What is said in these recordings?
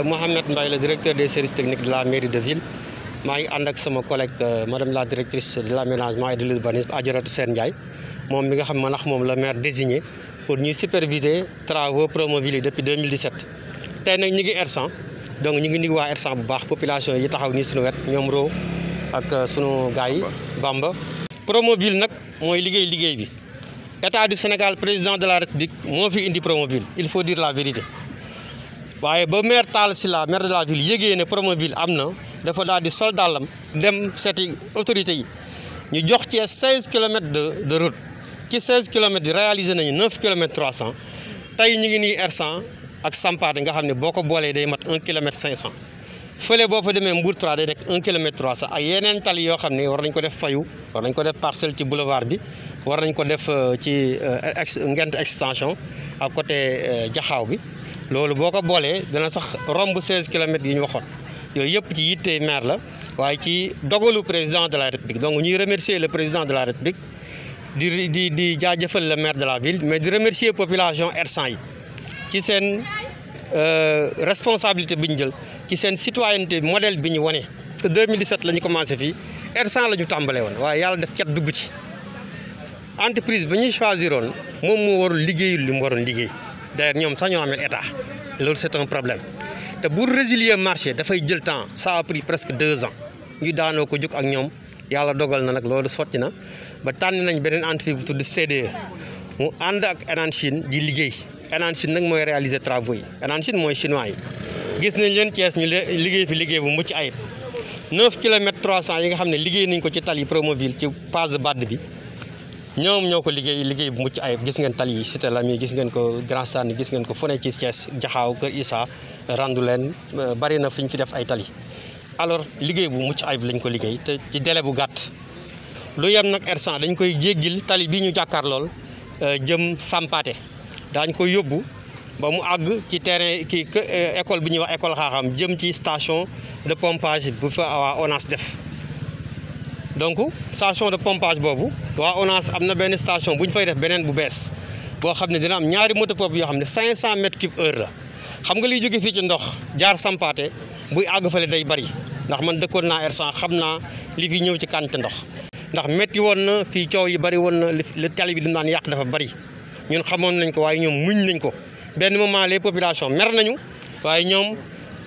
Euh, Mouhamed Mbaye le directeur des services techniques de la mairie de ville maa ngi ànd ak sama collègue euh, madame la directrice de l'aménagement et de l'urbanisme Adjaratou Sène Ndiaye moom mi nga xam man ax moom la maire désigné pour ñuy superviser travaux Promoville yi depuis 2017 tey nag ñu ngi r donc ñu ngi nigi waa R100 bu baax population yi taxaw nii suñu wet ñoom roo ak euh, sunu gars yi Bamba Promoville nag mooy liggéey liggéey bi état du Sénégal président de la République moo fi indi Promoville il faut dire la waaye ba maire Talla la maire de la ville yëgee ne Promoville am na dafa daal di sol dàllam dem seeti autorité yi ñu jox ci 16 kilomètres de de route ci 16 kilomètres yi réalisé nañu 9 kilomètres 300 tey ñu ngi nii R100 ak Sampaate nga xam ne boo ko boolee day mat 1 kilomètre 500 fële boo fa demee Mbour 3 day nekk 1 kilomètre ak yeneen tali yoo xam ni war nañ ko def fayu war nañ ko def parcelle ci boulevard bi war nañ ko def euh, ci euh, ngent extension ak côté jaxaaw euh, bi. loolu boo ko boolee dana sax romb 16 kilomètres yi ñu waxoon yooyu yëpp ci yittey maire la waaye ci dogalu président de la république donc ñuy remercier le président de la république di di di jaajëfal maire de la ville mais di remercier population Hersent yi ci seen euh, responsabilité bi ñu jël ci seen citoyenneté modèle bi ñu wane. parce que 2017 la commencé fii Hersent lañu ñu tàmbalee woon waaye yàlla def cat dugg ci entreprise ba ñuy choisiroon moom moo warul liggéeyul li mu waroon liggéey. d'ailleurs ñoom sax ñoo am leen état loolu c'est un problème te bu résilier marché dafay jël temps sa a presque deux ans ñu daanoo ko jóg ak ñoom yàlla dogal na nag loolu sotti na ba tànn nañ beneen entreprise bu tudd CDE mu ànd ak Enan Chine di liggéey Enan Chine nag mooy réaliser travaux yi Enan mooy chinois yi gis nañ leen Thiès ñu liggéey fi liggéey bu mucc ayib 9 kilomètres 300 yi nga xam ne liggéey nañ ko ci tali Promoville ci phase badd bi ñoom ñoo ko liggéey liggéey bu mucc ayib gis ngeen tali yi Cité Lamy gis ngeen ko Grand Sane gis ngeen ko fu ne ci Thiès Jaxaaw Kër Issa rendu leen euh, bari na fi ñu fi def ay tali alors liggéey bu mucc ayib lañ ko liggéey te ci délai bu gàtt lu yem nag r dañ koy jéggil tali bii ñu jàkkaar lool euh, jëm Sampaate daañ koy yóbbu ba mu àgg ci terrain ki euh, école bi ñuy wax école xaaxam jëm ci station de pompage bu fa waa ONAS def donc station de pompage boobu waa ONAS am na benn station buñ fay def beneen bu bees boo xam ne dina am ñaari moto pompe yoo xam ne 500 mètres cube heure la xam nga liy jóge fii ci ndox jaar sampaate buy àgg fale day bari ndax man dëkkoon naa r xam naa li fi ñëw ci kante ndox ndax métti woon na fii coow yi bari woon na li tali bi dam daan yàq dafa bari ñun xamoon nañ ko waaye ñoom muñ nañ ko benn moment les populations mer nañu waaye ñoom.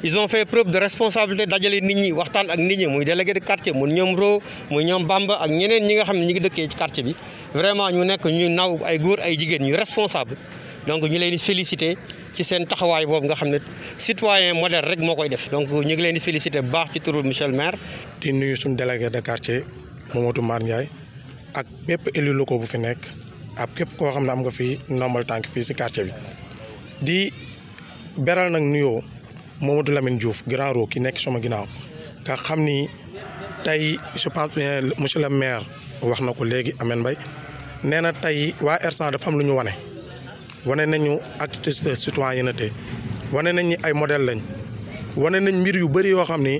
ils ont fait preuve de responsabilité dajale nit ñi waxtaan ak nit ñi muy délégué de quartier mu ñoom Ro muy ñoom Bamba ak ñeneen ñi nga xam ne ñu ngi dëkkee ci quartier bi vraiment ñu nekk ñu naw ay góor ay jigéen ñu responsable donc ñu leen di félicité ci seen taxawaay boobu nga xam ne citoyen modèle rek moo koy def donc ñu ngi leen di félicité bu baax ci turu monsieur le maire. di nuyu suñu délégué de quartier Mamadou Mar Ndiaye ak bépp élu ko bu fi nekk ak képp koo xam ne am nga fi normal tànk fii si quartier bi di beral nag nuyoo. Mamadou Lamine Diouf grand ro ki nekk sama ginnaaw nga xam ni tey je pense bien monsieur le maire wax na ko léegi Ameth Mbaye nee na tey waa Hersent dafa am lu ñu wane wane nañu activité de citoyenneté wane nañ ñi ay modèle lañ wane nañ mbir yu bëri yoo xam ni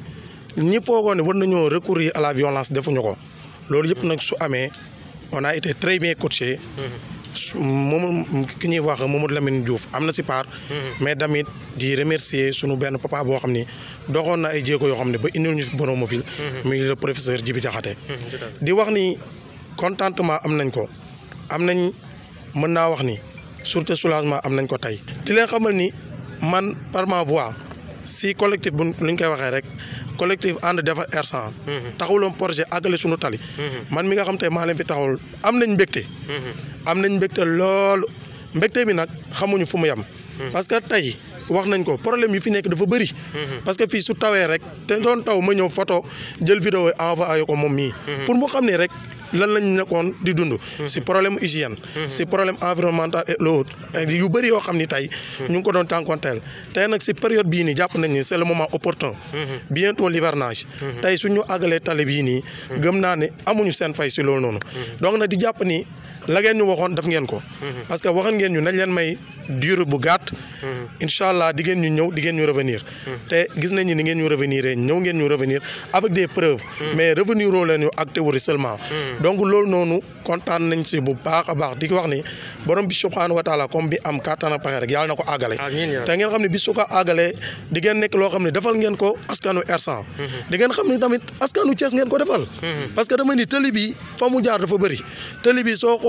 ñi foogoon ne war nañoo recourir à la violence defuñu ko loolu yëpp nag su amee on a été très bien moom ki ñuy wax Mamadou Lamine Diouf am na si part. Mm-hmm. mais tamit di remercier sunu benn papa boo xam ni doxoon na ay jéego yoo xam ne ba indil ñu fi boromofil. Mm-hmm. muy le professeur Djibi Diakhaté. Mm-hmm, di wax ni contentement am nañ ko am nañ mën naa wax ni surtout soulagement am nañ ko tey. di leen xamal ni man par ma voix si collectif bu luñ koy waxee rek. collectif ànd defar R100. taxawuloon projet àggale sunu tali. man mi nga xam te maa leen fi taxawul am am nañ mbégte loolu mbégte mi nag xamuñu fu mu yem. Hmm. parce que tey wax nañ ko problème yi fi nekk dafa bëri. Hmm. parce que fii su tawee rek te doon taw ma ñëw photo jël vidéo envoyé ko moom mii. Hmm. pour mu xam ne rek lan lañu nekkoon di dund. si problème hygiène. si problème environnemental et l'autre yu bëri yoo xam ni tey. ñu ngi ko doon tànkoonteel tey nag si période bii nii jàpp nañ ni c'est le moment opportun. bientôt l'hivernage. tey suñu àggalee tali bii nii. gëm naa ne amuñu seen fay si loolu noonu. donc nag di jàpp ni. la ngeen ñu waxoon def ngeen ko. Mhm. parce que waxoon ngeen ñu nañ leen may durée bu gàtt. Mhm. incha allah di ngeen ñu ñëw di ngeen ñu revenir. Mhm. te gis nañ ni ni ngeen ñu revenir ñëw ngeen ñu revenir avec des preuves. mais revenir leen ñu ak théorie seulement. donc loolu noonu kontaan nañ si bu baax a baax di wax ni borom bi subhanahu wa comme bi am kattan ak rek yàlla na ko àggale. te ngeen xam ne bis su ko àggalee nekk loo xam ne defal ngeen ko askanu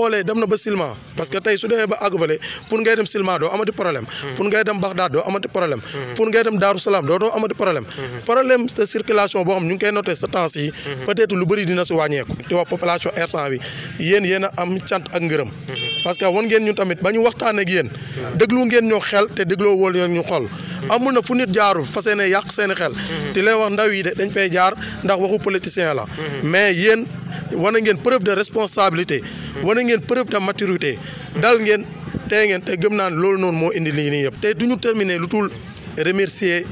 xoolee dem na ba Silema parce que tey su demee ba Agvale pour ngay dem Silema doo amati problème pour hmm. ngay dem Bagdad doo amati problème pour hmm. ngay dem Daaru doo doo amati problème hmm. problème de circulation boo xam ñu ngi koy sa temps yi peut lu bëri dina si wàññeeku di wax population r bi yéen yéen a am cant ak ngërëm parce que wan ngeen ñun tamit ba ñu waxtaan ak yéen déglu ngeen ñoo xel te dégloo wool ñu xol amul na fu nit jaarul fas wane ngeen preuve de responsabilité. wane ngeen preuve de maturité. dal ngeen tey ngeen te gëm naan loolu noonu moo indi lii nii yëpp te du ñu terminer lu tul remercier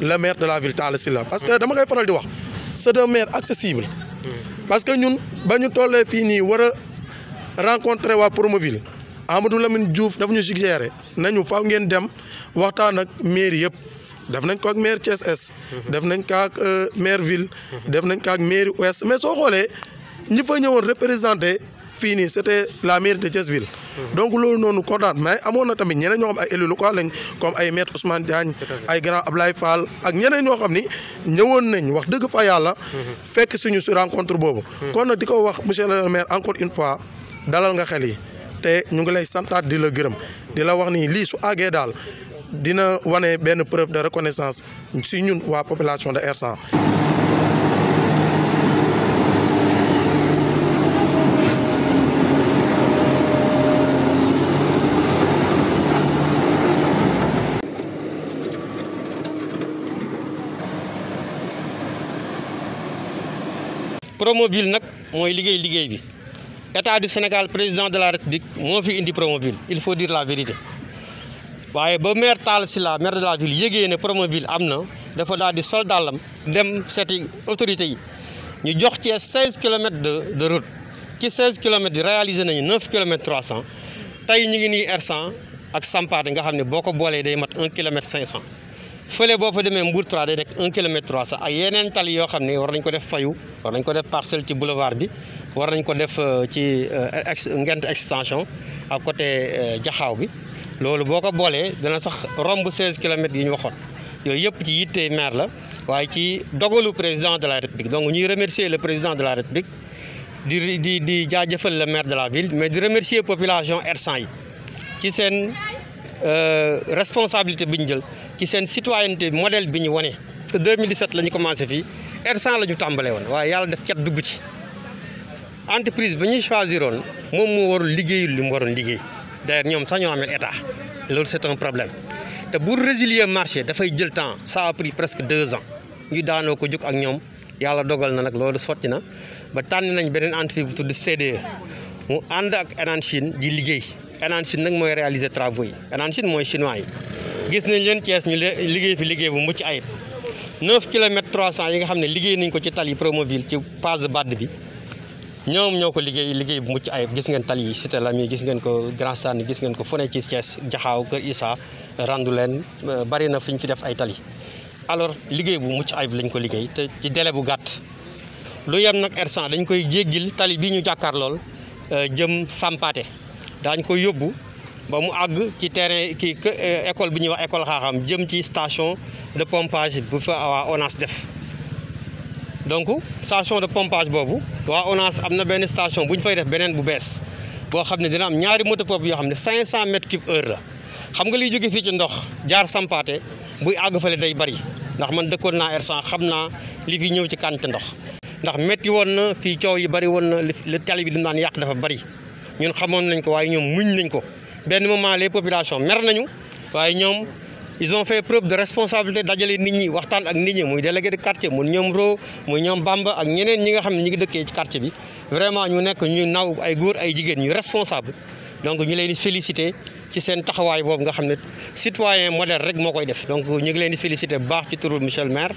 le maire de la ville Talla Sylla parce que dama koy faral di wax c'est un maire accessible. parce que ñun ba ñu tollee fii nii war a rencontrer waa Promoville Amadou Lamine Diouf daf ñu suggéré nañu faaw ngeen dem waxtaan ak maire yëpp. def nañ ko ak maire Thiès Est def nañ ko ak euh, maire ville def nañ ko ak maire ouest mais soo xoolee ñi fa ñëwoon représenté fii nii c'était la mairie de Diasville mhm. donc loolu noonu kontaan mais amoon na tamit ñeneen ñoo xam ay élus locaux lañ comme ay maître Ousmane Diagne ay grand Ablaye Fall ak ñeneen ñoo ni ñëwoon nañ wax dëgg fa yàlla mhm. fekk suñu su rencontre boobu mhm. kon nag di ko wax monsieur le maire encore une fois dalal nga xel yi te ñu ngi lay santaat di la gërëm di la wax ni lii su àggee daal dina wane benn preuve de reconnaissance si ñun waa population de Promoville nag mooy liggéey liggéey bi état du Sénégal président de la République moo fi indi Promoville il faut dire la vérité waaye ba maire si la maire de la ville yëgee ne Promoville am na dafa daal di sol dàllam dem seeti autorités yi ñu jox ci 16 kilomètres de de route ci 16 kilomètres yi réalisé nañu 9 kilomètres 300 tey ñu ngi nii R100 ak Sampaate nga xam ne boo ko boolee day mat un 1 cinq 500. fële boo fa demee Mbour 3 day nekk 1 kilomètre 300 ak yeneen tali yoo xam ni war nañ ko def fayu war nañ ko def parcelle ci boulevard bi war nañ ko def euh, ci euh, ex ngent extension ak côté euh, jaxaaw bi loolu boo ko boolee dana sax romb 16 kilomètres yi ñu waxoon yooyu yëpp ci yitte maire la waaye ci dogalu président de la république donc ñuy remercier le président de la république di di di jaajëfal le maire de la ville mais di remercier population Hersent ci seen responsabilité bi ñu jël ci seen citoyenneté modèle bi ñu wone parce que 2017 la ñu commencé fii R100 la ñu tàmbale woon waaye yàlla def cat dugg ci entreprise ba ñuy choisiroon moom moo warul liggéeyul li mu waroon liggéey d'ailleurs ñoom sax ñoo amee état loolu c'est un problème te bu résilier marché dafay jël temps ça a presque deux ans ñu daanoo ko jóg ak ñoom yàlla dogal na nag loolu sotti na ba tànn nañ beneen entreprise bu tudd CDE mu ànd ak Enan Chine di liggéey Enan nag mooy réaliser travaux yi Enan mooy chinois yi gis nañ leen Thiès ñu liggéey fi liggéey bu mucc ayib 9 kilomètres 300 yi nga xam ne liggéey nañ ko ci tali Promoville ci phase badd bi ñoom ñoo ko liggéey liggéey bu mucc ayib gis ngeen tali yi Cité Lamy gis ngeen ko Grand Sane gis ngeen ko fu ne ci Thiès Jaxaaw Kër Issa rendu leen euh, bari na fi ñu fi def ay tali alors liggéey bu mucc ayib lañ ko liggéey te ci délai bu gàtt lu yem nag R100 dañ koy jéggil tali bii ñu jàkkaar lool euh, jëm Sampaate daañ koy yóbbu ba mu àgg ci terrain kii euh, école bi ñuy wax école xaaxam jëm ci station de pompage bu fa waa ONAS def donc station de pompage boobu waa ONAS am na benn station bu ñu fay def beneen bu bees boo xam ne dina am ñaari moto pompe yoo xam ne 500 mètres cube heure la xam nga liy jóge fii ci ndox jaar sampaate buy àgg fale day bari ndax man dëkkoon naa R100 xam naa li fi ñëw ci kante ndox ndax métti woon na fii coow yi bari woon na li tali bi dam naan yàq dafa bari ñun xamoon nañ ko waaye ñoom muñ nañ ko. benn moment les populations mer nañu waaye ñoom ils ont fait preuve de responsabilité dajale nit ñi waxtaan ak nit ñi muy délégué de quartier mu ñoom Ro muy ñoom Bamba ak ñeneen ñi nga xam ne ñu ngi dëkkee ci quartier bi vraiment ñu nekk ñu naw ay góor ay jigéen ñu responsable donc ñu leen di félicité ci seen taxawaay boobu nga xam ne citoyen modèle rek moo koy def donc ñu ngi leen di félicité bu baax ci turu monsieur maire.